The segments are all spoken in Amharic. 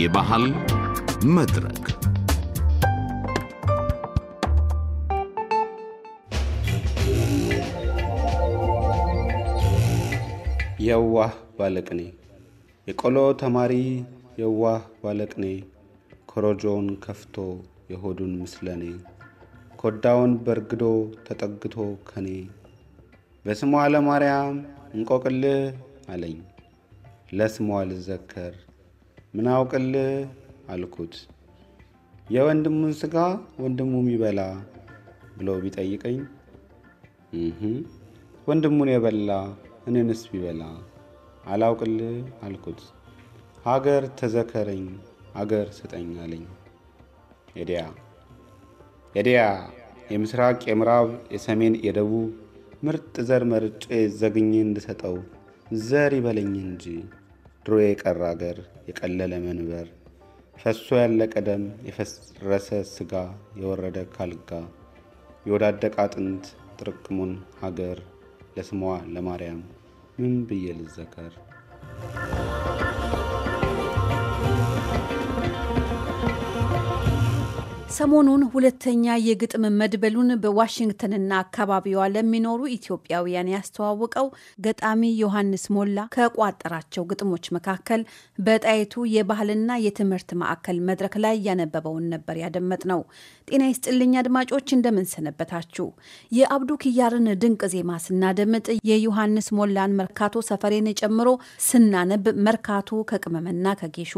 የባህል መድረክ የዋህ ባለቅኔ የቆሎ ተማሪ የዋህ ባለቅኔ ኮረጆውን ከፍቶ የሆዱን ምስለኔ ኮዳውን በርግዶ ተጠግቶ ከኔ በስሟ ለማርያም እንቆቅልህ አለኝ ለስሟ ልዘከር ምን አውቅልህ አልኩት። የወንድሙን ስጋ ወንድሙ ይበላ ብሎ ቢጠይቀኝ ወንድሙን የበላ እኔንስ ቢበላ አላውቅልህ አልኩት። ሀገር ተዘከረኝ አገር ስጠኝ አለኝ። ኤድያ ኤድያ የምስራቅ የምዕራብ የሰሜን የደቡብ ምርጥ ዘር መርጬ ዘግኝ እንድሰጠው ዘር ይበለኝ እንጂ ድሮ የቀረ አገር፣ የቀለለ መንበር፣ ፈሶ ያለቀ ደም፣ የፈረሰ ስጋ፣ የወረደ ካልጋ፣ የወዳደቀ አጥንት ጥርቅሙን ሀገር ለስሟ ለማርያም ምን ብዬ ልዘከር? ሰሞኑን ሁለተኛ የግጥም መድበሉን በዋሽንግተንና አካባቢዋ ለሚኖሩ ኢትዮጵያውያን ያስተዋወቀው ገጣሚ ዮሐንስ ሞላ ከቋጠራቸው ግጥሞች መካከል በጣይቱ የባህልና የትምህርት ማዕከል መድረክ ላይ ያነበበውን ነበር ያደመጥ ነው። ጤና ይስጥልኝ አድማጮች፣ እንደምንሰነበታችሁ። የአብዱ ኪያርን ድንቅ ዜማ ስናደምጥ የዮሐንስ ሞላን መርካቶ ሰፈሬን ጨምሮ ስናነብ መርካቶ ከቅመምና ከጌሾ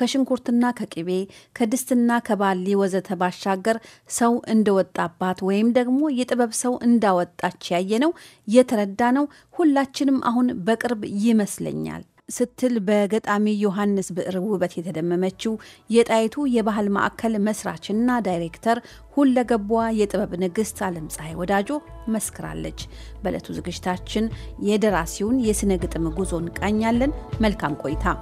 ከሽንኩርትና ከቅቤ ከድስትና ከባሊ ወዘተ ባሻገር ሰው እንደወጣባት ወይም ደግሞ የጥበብ ሰው እንዳወጣች ያየነው ነው። ሁላችንም አሁን በቅርብ ይመስለኛል ስትል በገጣሚ ዮሐንስ ብዕር ውበት የተደመመችው የጣይቱ የባህል ማዕከል መስራችና ዳይሬክተር ሁለገቧ የጥበብ ንግሥት አለም ፀሐይ ወዳጆ መስክራለች። በዕለቱ ዝግጅታችን የደራሲውን የስነ ግጥም ጉዞ እንቃኛለን። መልካም ቆይታ።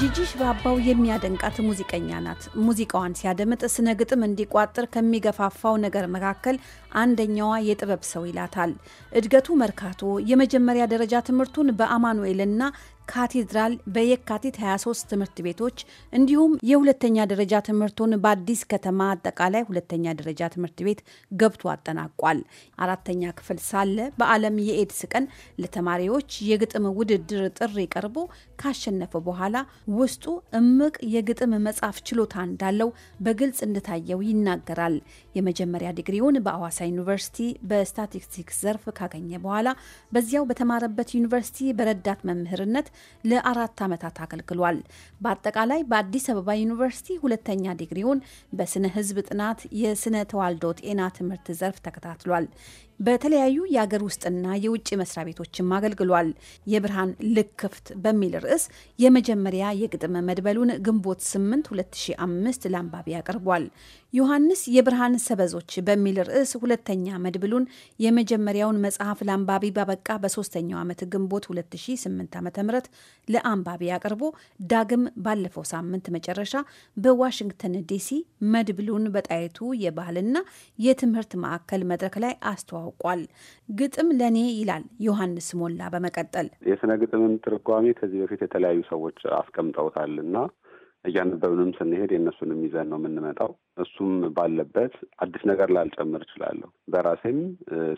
ጂጂሽ ባባው የሚያደንቃት ሙዚቀኛ ናት። ሙዚቃዋን ሲያደምጥ ስነ ግጥም እንዲቋጥር ከሚገፋፋው ነገር መካከል አንደኛዋ የጥበብ ሰው ይላታል። እድገቱ መርካቶ የመጀመሪያ ደረጃ ትምህርቱን በአማኑኤልና ካቴድራል በየካቲት 23 ትምህርት ቤቶች እንዲሁም የሁለተኛ ደረጃ ትምህርቱን በአዲስ ከተማ አጠቃላይ ሁለተኛ ደረጃ ትምህርት ቤት ገብቶ አጠናቋል። አራተኛ ክፍል ሳለ በዓለም የኤድስ ቀን ለተማሪዎች የግጥም ውድድር ጥሪ ቀርቦ ካሸነፈ በኋላ ውስጡ እምቅ የግጥም መጻፍ ችሎታ እንዳለው በግልጽ እንደታየው ይናገራል። የመጀመሪያ ዲግሪውን በአዋሳ ዩኒቨርሲቲ በስታቲስቲክስ ዘርፍ ካገኘ በኋላ በዚያው በተማረበት ዩኒቨርሲቲ በረዳት መምህርነት ለአራት ዓመታት አገልግሏል። በአጠቃላይ በአዲስ አበባ ዩኒቨርሲቲ ሁለተኛ ዲግሪውን በስነ ህዝብ ጥናት የስነ ተዋልዶ ጤና ትምህርት ዘርፍ ተከታትሏል። በተለያዩ የአገር ውስጥና የውጭ መስሪያ ቤቶችም አገልግሏል። የብርሃን ልክፍት በሚል ርዕስ የመጀመሪያ የግጥም መድበሉን ግንቦት 8 2005 ለአንባቢ አቅርቧል። ዮሐንስ የብርሃን ሰበዞች በሚል ርዕስ ሁለተኛ መድብሉን የመጀመሪያውን መጽሐፍ ለአንባቢ ባበቃ በሶስተኛው ዓመት ግንቦት 2008 ዓ ም ለአንባቢ አቅርቦ ዳግም ባለፈው ሳምንት መጨረሻ በዋሽንግተን ዲሲ መድብሉን በጣይቱ የባህልና የትምህርት ማዕከል መድረክ ላይ አስተዋ። ታውቋል። ግጥም ለእኔ ይላል ዮሐንስ ሞላ። በመቀጠል የስነ ግጥምን ትርጓሜ ከዚህ በፊት የተለያዩ ሰዎች አስቀምጠውታል እና እያነበብንም ስንሄድ የእነሱንም ይዘን ነው የምንመጣው። እሱም ባለበት አዲስ ነገር ላልጨምር እችላለሁ። በራሴም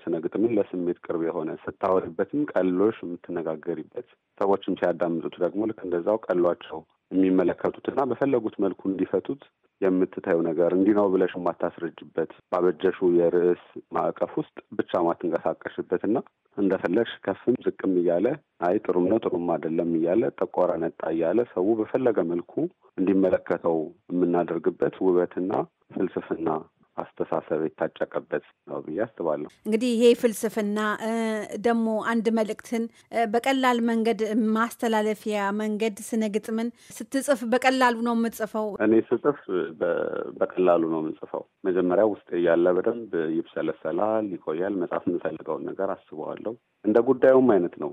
ስነ ግጥምን ለስሜት ቅርብ የሆነ ስታወሪበትም ቀሎሽ የምትነጋገሪበት ሰዎችም ሲያዳምጡት ደግሞ ልክ እንደዛው ቀሏቸው የሚመለከቱትና በፈለጉት መልኩ እንዲፈቱት የምትታዩ ነገር እንዲህ ነው ብለሽ የማታስረጅበት ባበጀሹ የርዕስ ማዕቀፍ ውስጥ ብቻ ማትንቀሳቀሽበትና እንደፈለግሽ ከፍም ዝቅም እያለ አይ ጥሩም ነው ጥሩም አይደለም እያለ ጠቆረ ነጣ እያለ ሰው በፈለገ መልኩ እንዲመለከተው የምናደርግበት ውበትና فلسفه النار አስተሳሰብ የታጨቀበት ነው ብዬ አስባለሁ። እንግዲህ ይሄ ፍልስፍና ደግሞ አንድ መልእክትን በቀላል መንገድ ማስተላለፊያ መንገድ ስነ ግጥምን ስትጽፍ በቀላሉ ነው የምጽፈው እኔ ስጽፍ በቀላሉ ነው የምጽፈው። መጀመሪያ ውስጥ እያለ በደንብ ይብሰለሰላል፣ ይቆያል። መጽሐፍ የምፈልገውን ነገር አስበዋለሁ። እንደ ጉዳዩም አይነት ነው።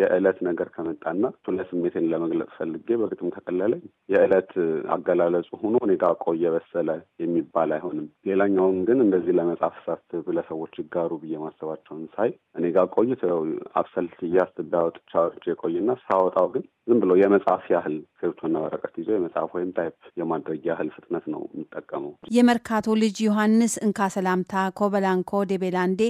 የዕለት ነገር ከመጣና ቱለ ስሜቴን ለመግለጽ ፈልጌ በግጥም ከቀለለኝ የዕለት አገላለጹ ሆኖ እኔ ጋ ቆየ በሰለ የሚባል አይሆንም። ሌላኛውን ግን እንደዚህ ለመጽሐፍ ሳስብ ለሰዎች ይጋሩ ብዬ ማሰባቸውን ሳይ እኔ ጋር ቆይት አብሰልትዬ አስቤ አውጥቼ አውጥቼ ቆይና ሳወጣው ግን ዝም ብሎ የመጽሐፍ ያህል ክርብቶና ወረቀት ይዞ የመጽሐፍ ወይም ታይፕ የማድረግ ያህል ፍጥነት ነው የሚጠቀመው። የመርካቶ ልጅ ዮሐንስ እንካ ሰላምታ፣ ኮበላንኮ፣ ዴቤላንዴ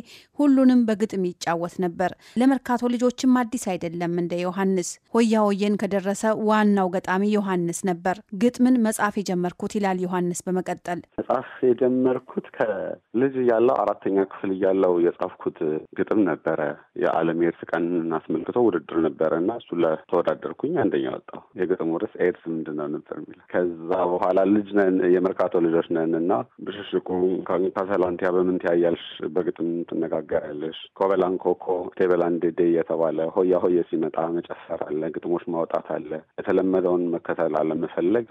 ሁሉንም በግጥም ይጫወት ነበር። ለመርካቶ ልጆችም አዲስ አይደለም። እንደ ዮሐንስ ሆያ ሆየን ከደረሰ ዋናው ገጣሚ ዮሐንስ ነበር። ግጥምን መጽሐፍ የጀመርኩት ይላል ዮሐንስ በመቀጠል መጽሐፍ የጀመር የጀመርኩት ከልጅ እያለሁ አራተኛ ክፍል እያለው የጻፍኩት ግጥም ነበረ። የዓለም ኤድስ ቀንን አስመልክቶ ውድድር ነበረ እና እሱ ለተወዳደርኩኝ አንደኛ ወጣው የግጥሙ ርዕስ ኤድስ ምንድን ነው ነበር የሚለው። ከዛ በኋላ ልጅ ነን የመርካቶ ልጆች ነን እና ብሽሽቁ ከሰላንቲያ በምን ትያያልሽ፣ በግጥም ትነጋገራለሽ፣ ኮበላን ኮኮ ቴበላን ዴዴ እየተባለ ሆያ ሆየ ሲመጣ መጨፈር አለ፣ ግጥሞች ማውጣት አለ። የተለመደውን መከተል አለመፈለግ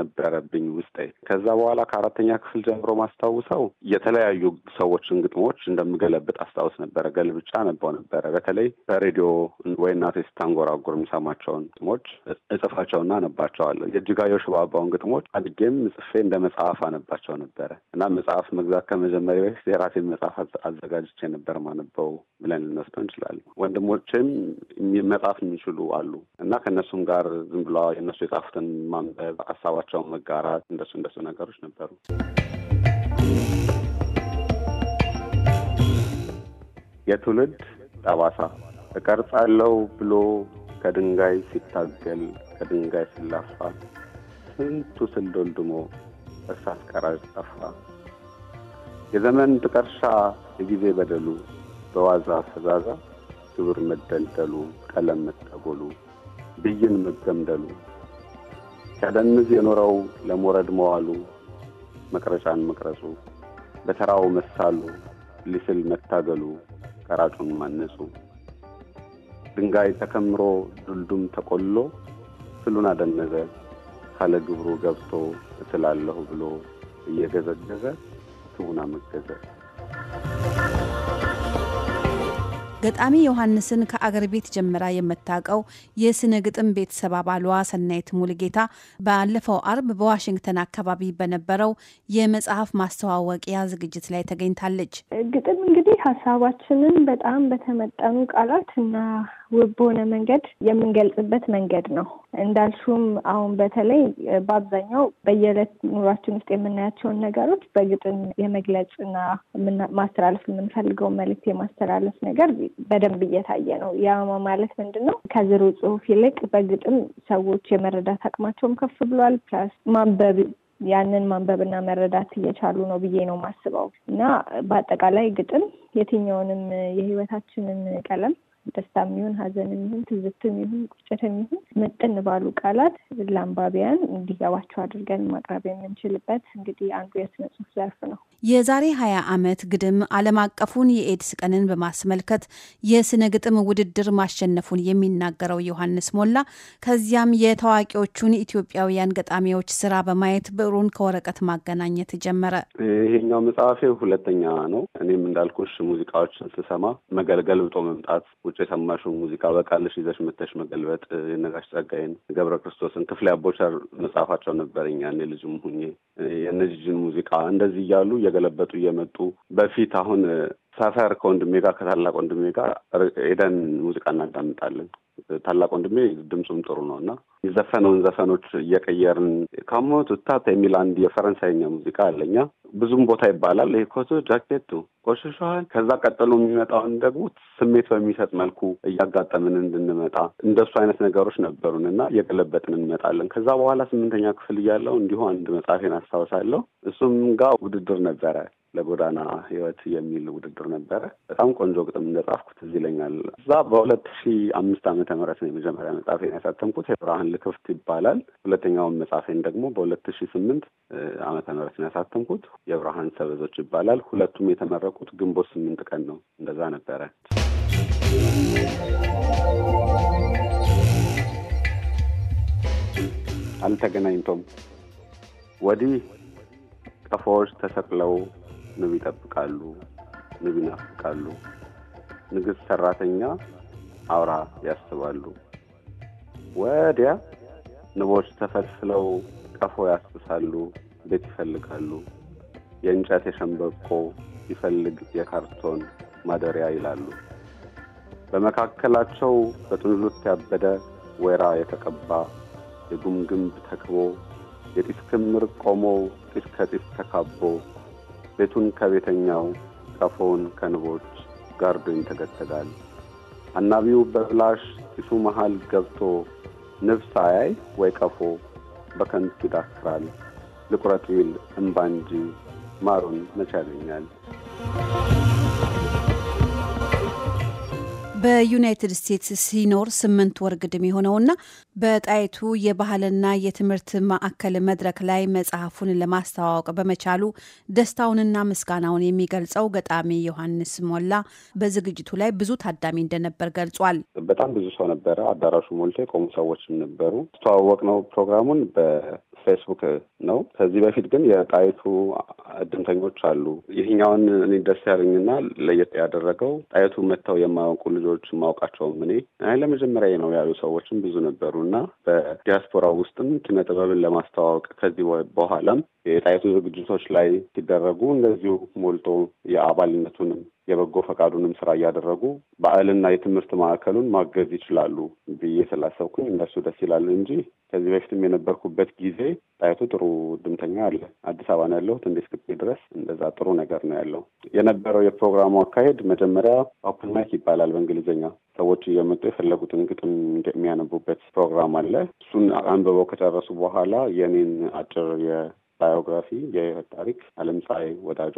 ነበረብኝ ውስጤ። ከዛ በኋላ ከአራተኛ ክፍል ጀምሮ ማስታወ የማስታውሰው የተለያዩ ሰዎችን ግጥሞች እንደምገለብጥ አስታውስ ነበረ። ገልብጫ ነበው ነበረ። በተለይ በሬዲዮ ወይ እናቴ ስታንጎራጉር የምሰማቸውን ግጥሞች እጽፋቸውና አነባቸዋለሁ። የእጅጋየሁ ሽባባውን ግጥሞች አድጌም ጽፌ እንደ መጽሐፍ አነባቸው ነበረ እና መጽሐፍ መግዛት ከመጀመሪ በፊት የራሴን መጽሐፍ አዘጋጅቼ ነበር ማነበው ብለን ልንወስደው እንችላለን። ወንድሞችም መጽሐፍ የሚችሉ አሉ እና ከእነሱም ጋር ዝም ብለ የእነሱ የጻፉትን ማንበብ፣ ሀሳባቸውን መጋራት እንደሱ እንደሱ ነገሮች ነበሩ። የትውልድ ጠባሳ እቀርጻለሁ ብሎ ከድንጋይ ሲታገል ከድንጋይ ሲላፋ ስንቱ ስንዶልድሞ እርሳት ቀራጭ ጠፋ። የዘመን ጥቀርሻ የጊዜ በደሉ በዋዛ ፈዛዛ ግብር መደልደሉ ቀለም መጠጎሉ ብይን መገምደሉ ከደንዝ የኖረው ለሞረድ መዋሉ መቅረጫን መቅረጹ፣ በተራው መሳሉ፣ ሊስል መታገሉ፣ ቀራጩን ማነጹ፣ ድንጋይ ተከምሮ ዱልዱም ተቆሎ ስሉን አደነዘ ካለ ግብሩ ገብቶ እትላለሁ ብሎ እየገዘገዘ ትሁን አመገዘ ገጣሚ ዮሐንስን ከአገር ቤት ጀምራ የምታውቀው የስነ ግጥም ቤተሰብ አባሏ ሰናይት ሙልጌታ ባለፈው አርብ በዋሽንግተን አካባቢ በነበረው የመጽሐፍ ማስተዋወቂያ ዝግጅት ላይ ተገኝታለች። ግጥም እንግዲህ ሀሳባችንን በጣም በተመጠኑ ቃላት እና ውብ በሆነ መንገድ የምንገልጽበት መንገድ ነው። እንዳልሹም አሁን በተለይ በአብዛኛው በየዕለት ኑሯችን ውስጥ የምናያቸውን ነገሮች በግጥም የመግለጽ ማስተላለፍ የምንፈልገው መልእክት የማስተላለፍ ነገር በደንብ እየታየ ነው። ያ ማለት ምንድን ነው? ከዝሩ ጽሁፍ ይልቅ በግጥም ሰዎች የመረዳት አቅማቸውም ከፍ ብሏል። ፕላስ ማንበብ ያንን ማንበብና መረዳት እየቻሉ ነው ብዬ ነው የማስበው እና በአጠቃላይ ግጥም የትኛውንም የህይወታችንን ቀለም ደስታም ይሁን ሐዘንም ይሁን ትዝብትም ይሁን ቁጭትም ይሁን ምጥን ባሉ ቃላት ለአንባቢያን እንዲገባቸው አድርገን ማቅረብ የምንችልበት እንግዲህ አንዱ የስነ ጽሁፍ ዘርፍ ነው። የዛሬ ሀያ ዓመት ግድም ዓለም አቀፉን የኤድስ ቀንን በማስመልከት የስነ ግጥም ውድድር ማሸነፉን የሚናገረው ዮሐንስ ሞላ ከዚያም የታዋቂዎቹን ኢትዮጵያውያን ገጣሚዎች ስራ በማየት ብዕሩን ከወረቀት ማገናኘት ጀመረ። ይሄኛው መጽሐፌ ሁለተኛ ነው። እኔም እንዳልኩሽ ሙዚቃዎችን ስሰማ መገልገል ብጦ መምጣት ቁጭ የሰማሽውን ሙዚቃ በቃልሽ ይዘሽ መተሽ መገልበጥ የነጋሽ ጸጋይን ገብረ ክርስቶስን፣ ክፍሌ አቦቸር መጽሐፋቸው ነበረኛ እኔ ልጅም ሁኜ የነጂጅን ሙዚቃ እንደዚህ እያሉ እየገለበጡ እየመጡ በፊት አሁን ሰፈር ከወንድሜ ጋር ከታላቅ ወንድሜ ጋር ሄደን ሙዚቃ እናዳምጣለን። ታላቅ ወንድሜ ድምፁም ጥሩ ነው እና የዘፈነውን ዘፈኖች እየቀየርን ካሞቱ ታታ የሚል አንድ የፈረንሳይኛ ሙዚቃ አለኛ ብዙም ቦታ ይባላል። ይህ ኮቱ ጃኬቱ ቆሽሸዋል። ከዛ ቀጥሎ የሚመጣውን ደግሞ ስሜት በሚሰጥ መልኩ እያጋጠምን እንድንመጣ እንደሱ አይነት ነገሮች ነበሩን እና እየገለበጥን እንመጣለን። ከዛ በኋላ ስምንተኛ ክፍል እያለው እንዲሁ አንድ መጽሐፌን አስታውሳለሁ። እሱም ጋር ውድድር ነበረ ለጎዳና ህይወት የሚል ውድድር ነበረ። በጣም ቆንጆ ግጥም እንደጻፍኩት እዚህ ይለኛል። እዛ በሁለት ሺህ አምስት ዓመተ ምህረት ነው የመጀመሪያ መጽሐፌን ያሳተምኩት የብርሃን ልክፍት ይባላል። ሁለተኛውን መጽሐፌን ደግሞ በሁለት ሺ ስምንት ዓመተ ምህረት ነው ያሳተምኩት የብርሃን ሰበዞች ይባላል። ሁለቱም የተመረቁት ግንቦት ስምንት ቀን ነው። እንደዛ ነበረ። አልተገናኝቶም ወዲህ ቀፎዎች ተሰቅለው ንብ ይጠብቃሉ፣ ንብ ይናፍቃሉ። ንግሥት ሰራተኛ አውራ ያስባሉ። ወዲያ ንቦች ተፈልፍለው ቀፎ ያስሳሉ፣ ቤት ይፈልጋሉ። የእንጨት የሸንበቆ ይፈልግ የካርቶን ማደሪያ ይላሉ። በመካከላቸው በጥንዙት ያበደ ወይራ የተቀባ የጉም ግንብ ተክቦ የጢስ ክምር ቆሞ ጢስ ከጢስ ተካቦ ቤቱን ከቤተኛው ቀፎውን ከንቦች ጋርዶኝ ተገተጋል። አናቢው በፍላሽ ኪሱ መሃል ገብቶ ንብ ሳያይ ወይ ቀፎ በከንቱ ይዳክራል። ልቁረጥ ቢል እምባ እንጂ ማሩን መቻለኛል። በዩናይትድ ስቴትስ ሲኖር ስምንት ወር ግድም የሆነውና በጣይቱ የባህልና የትምህርት ማዕከል መድረክ ላይ መጽሐፉን ለማስተዋወቅ በመቻሉ ደስታውንና ምስጋናውን የሚገልጸው ገጣሚ ዮሐንስ ሞላ በዝግጅቱ ላይ ብዙ ታዳሚ እንደነበር ገልጿል። በጣም ብዙ ሰው ነበረ። አዳራሹ ሞልቶ የቆሙ ሰዎችም ነበሩ። አስተዋወቅ ነው ፕሮግራሙን በፌስቡክ ነው። ከዚህ በፊት ግን የጣይቱ እድምተኞች አሉ። ይህኛውን እኔ ደስ ያለኝና ለየት ያደረገው ጣይቱ መጥተው የማያውቁ ልጆች ማውቃቸውም እኔ ለመጀመሪያ ነው ያሉ ሰዎችም ብዙ ነበሩ እና በዲያስፖራ ውስጥም ኪነ ጥበብን ለማስተዋወቅ ከዚህ በኋላም የጣይቱ ዝግጅቶች ላይ ሲደረጉ እንደዚሁ ሞልቶ የአባልነቱንም የበጎ ፈቃዱንም ስራ እያደረጉ በዓልና የትምህርት ማዕከሉን ማገዝ ይችላሉ ብዬ ስላሰብኩኝ እነሱ ደስ ይላል እንጂ ከዚህ በፊትም የነበርኩበት ጊዜ ጣይቱ ጥሩ ድምተኛ አለ። አዲስ አበባ ነው ያለሁት እንደ እስክጤ ድረስ እንደዛ ጥሩ ነገር ነው ያለው። የነበረው የፕሮግራሙ አካሄድ መጀመሪያ ኦፕን ማይክ ይባላል በእንግሊዝኛ። ሰዎች እየመጡ የፈለጉትን ግጥም እንደሚያነቡበት ፕሮግራም አለ። እሱን አንብበው ከጨረሱ በኋላ የኔን አጭር ባዮግራፊ የህይወት ታሪክ ፀሐይ ወዳጆ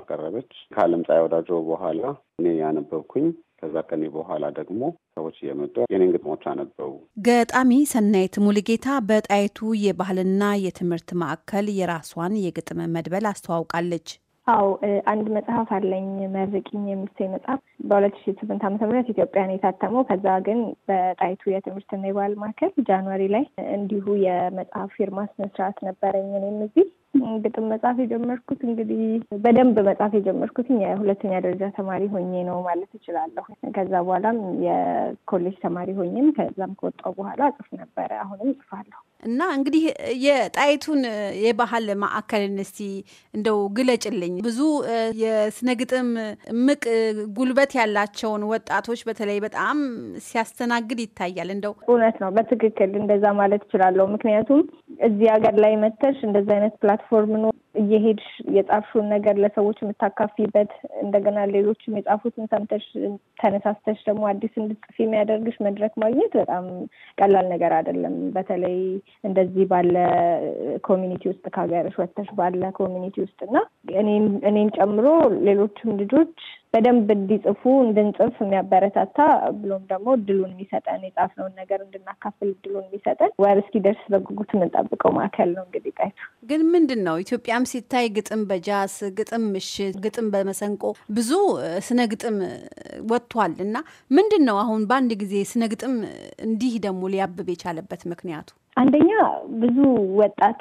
አቀረበች። ከአለም ፀሐይ ወዳጆ በኋላ እኔ ያነበብኩኝ ከዛ ከኔ በኋላ ደግሞ ሰዎች እየመጡ የኔን ግጥሞች አነበቡ። ገጣሚ ሰናይት ሙልጌታ በጣይቱ የባህልና የትምህርት ማዕከል የራሷን የግጥም መድበል አስተዋውቃለች። አው አንድ መጽሐፍ አለኝ መርቂኝ የሚሰኝ መጽሐፍ በሁለት ሺ ስምንት ዓመተ ምህረት ኢትዮጵያን የታተመው ከዛ ግን በጣይቱ የትምህርትና የባህል ማዕከል ጃንዋሪ ላይ እንዲሁ የመጽሐፍ ፊርማ ስነስርዓት ነበረኝ። እኔም እዚህ ግጥም መጽሐፍ የጀመርኩት እንግዲህ በደንብ መጽሐፍ የጀመርኩት የሁለተኛ ደረጃ ተማሪ ሆኜ ነው ማለት እችላለሁ። ከዛ በኋላም የኮሌጅ ተማሪ ሆኜም ከዛም ከወጣው በኋላ ጽፍ ነበረ። አሁንም ጽፋለሁ። እና እንግዲህ የጣይቱን የባህል ማዕከልን እስቲ እንደው ግለጭልኝ። ብዙ የስነግጥም ምቅ እምቅ ጉልበት ያላቸውን ወጣቶች በተለይ በጣም ሲያስተናግድ ይታያል። እንደው እውነት ነው፣ በትክክል እንደዛ ማለት እችላለሁ። ምክንያቱም እዚህ ሀገር ላይ መተሽ እንደዚ አይነት ፕላትፎርም ኖ እየሄድሽ የጻፍሽውን ነገር ለሰዎች የምታካፊበት እንደገና ሌሎችም የጻፉትን ሰምተሽ ተነሳስተሽ ደግሞ አዲስ እንድትጽፍ የሚያደርግሽ መድረክ ማግኘት በጣም ቀላል ነገር አይደለም። በተለይ እንደዚህ ባለ ኮሚኒቲ ውስጥ ከሀገርሽ ወጥተሽ ባለ ኮሚኒቲ ውስጥ እና እኔም ጨምሮ ሌሎችም ልጆች በደንብ እንዲጽፉ እንድንጽፍ የሚያበረታታ ብሎም ደግሞ እድሉን የሚሰጠን የጻፍነውን ነገር እንድናካፍል እድሉን የሚሰጠን ወር እስኪደርስ በጉጉት የምንጠብቀው ማዕከል ነው። እንግዲህ ጣይቱ ግን ምንድን ነው ኢትዮጵያም ሲታይ ግጥም በጃስ ግጥም ምሽት ግጥም በመሰንቆ ብዙ ስነ ግጥም ወጥቷል እና ምንድን ነው አሁን በአንድ ጊዜ ስነ ግጥም እንዲህ ደግሞ ሊያብብ የቻለበት ምክንያቱ? አንደኛ ብዙ ወጣት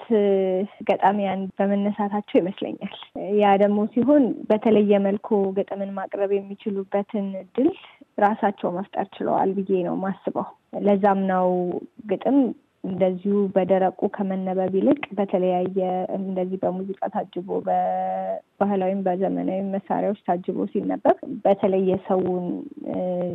ገጣሚያን በመነሳታቸው ይመስለኛል። ያ ደግሞ ሲሆን በተለየ መልኩ ግጥምን ማቅረብ የሚችሉበትን እድል ራሳቸው መፍጠር ችለዋል ብዬ ነው ማስበው። ለዛም ነው ግጥም እንደዚሁ በደረቁ ከመነበብ ይልቅ በተለያየ እንደዚህ በሙዚቃ ታጅቦ በባህላዊም በዘመናዊ መሳሪያዎች ታጅቦ ሲነበብ በተለየ ሰውን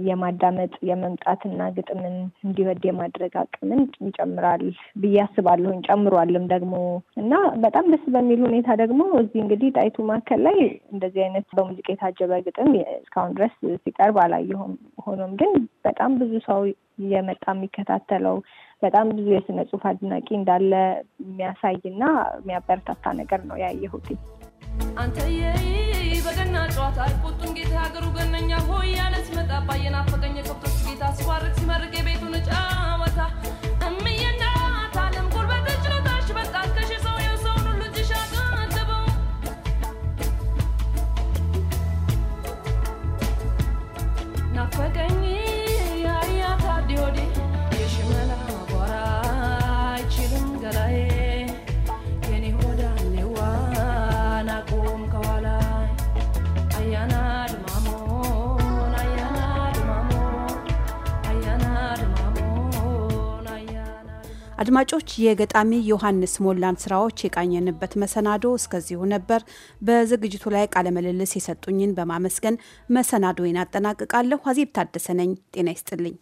የማዳመጥ የመምጣትና ግጥምን እንዲወድ የማድረግ አቅምን ይጨምራል ብዬ አስባለሁኝ። ጨምሯልም ደግሞ እና በጣም ደስ በሚል ሁኔታ ደግሞ እዚህ እንግዲህ ጣይቱ ማዕከል ላይ እንደዚህ አይነት በሙዚቃ የታጀበ ግጥም እስካሁን ድረስ ሲቀርብ አላየሁም። ሆኖም ግን በጣም ብዙ ሰው የመጣ የሚከታተለው በጣም ብዙ የስነ ጽሁፍ አድናቂ እንዳለ የሚያሳይና የሚያበረታታ ነገር ነው ያየሁት። አንተ በገና ጨዋታ ቁጡን ጌታ ሀገሩ ገነኛ ሆይ ያለ ሲመጣ ባየናፈቀኝ ከብቶች ጌታ ሲባርክ ሲመርቅ የቤቱን ጫዋታ አድማጮች የገጣሚ ዮሐንስ ሞላን ስራዎች የቃኘንበት መሰናዶ እስከዚሁ ነበር። በዝግጅቱ ላይ ቃለመልልስ የሰጡኝን በማመስገን መሰናዶ አጠናቅቃለሁ። አዜብ ታደሰ ነኝ። ጤና ይስጥልኝ።